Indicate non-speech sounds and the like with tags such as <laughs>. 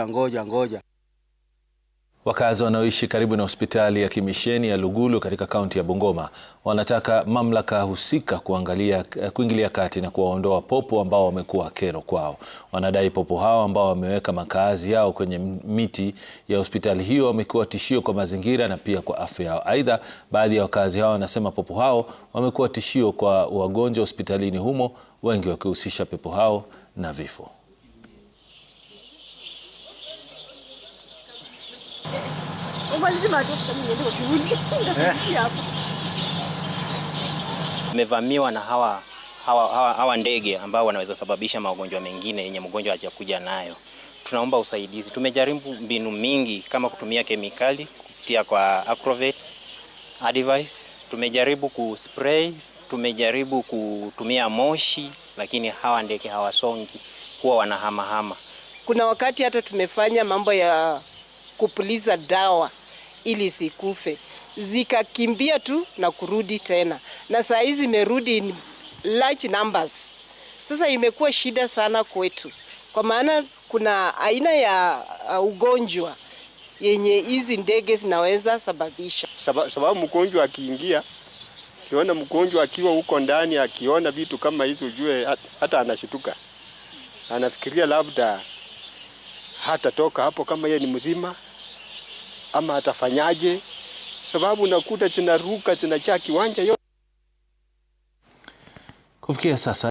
Ngoja ngoja. Wakazi wanaoishi karibu na hospitali ya kimisheni ya Lugulu katika kaunti ya Bungoma wanataka mamlaka husika kuangalia kuingilia kati na kuwaondoa popo ambao wamekuwa kero kwao. Wanadai popo hao ambao wameweka makazi yao kwenye miti ya hospitali hiyo wamekuwa tishio kwa mazingira na pia kwa afya yao. Aidha, baadhi ya wakazi hao wanasema popo hao wamekuwa tishio kwa wagonjwa hospitalini humo, wengi wakihusisha pepo hao na vifo. <laughs> umalize na hawa hawa, hawa, hawa ndege ambao wanaweza sababisha magonjwa mengine yenye mgonjwa hajakuja nayo. Tunaomba usaidizi. Tumejaribu mbinu mingi kama kutumia kemikali kupitia kwa Acrovet Advice, tumejaribu kuspray, tumejaribu kutumia moshi, lakini hawa ndege hawasongi, huwa wanahamahama. Kuna wakati hata tumefanya mambo ya kupuliza dawa ili zikufe, zikakimbia tu na kurudi tena, na saa hizi imerudi in large numbers. Sasa imekuwa shida sana kwetu, kwa maana kuna aina ya uh, ugonjwa yenye hizi ndege zinaweza sababisha, sababu mgonjwa akiingia kiona mgonjwa akiwa huko ndani, akiona vitu kama hizo, ujue hata anashituka, anafikiria labda hata toka hapo kama yeye ni mzima ama atafanyaje, sababu nakuta zinaruka zinajaa kiwanja yote kufikia sasa.